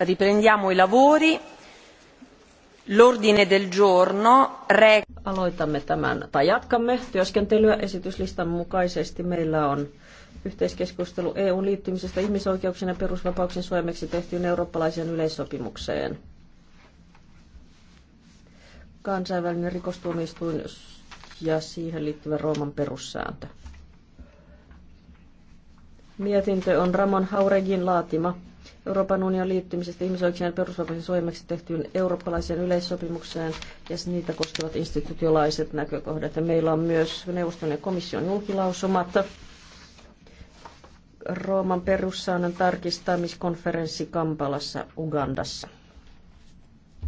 Riprendiamo i lavori. L'ordine del giorno Aloitamme tämän, tai jatkamme työskentelyä esityslistan mukaisesti. Meillä on yhteiskeskustelu EUn liittymisestä ihmisoikeuksien ja perusvapauksien suojameksi tehtyyn eurooppalaiseen yleissopimukseen. Kansainvälinen rikostuomioistuin ja siihen liittyvä Rooman perussääntö. Mietintö on Ramon Hauregin laatima. Euroopan unionin liittymisestä ihmisoikeuksien ja perusvapauksien suojelmaksi tehtyyn eurooppalaiseen yleissopimukseen ja niitä koskevat institutiolaiset näkökohdat. Ja meillä on myös neuvoston ja komission julkilausumat. Rooman perussäännön tarkistamiskonferenssi Kampalassa, Ugandassa.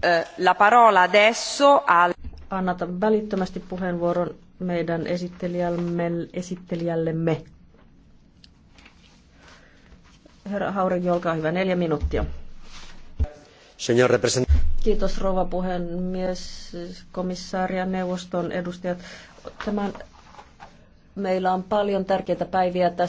Eh, la parola adesso al... Annata välittömästi puheenvuoron meidän esittelijällemme. esittelijällemme. Herra Hauregi, olkaa neljä minuuttia. Kiitos rouva puhemies, komissaari ja neuvoston edustajat. Tämän, meillä on paljon tärkeitä päiviä tässä.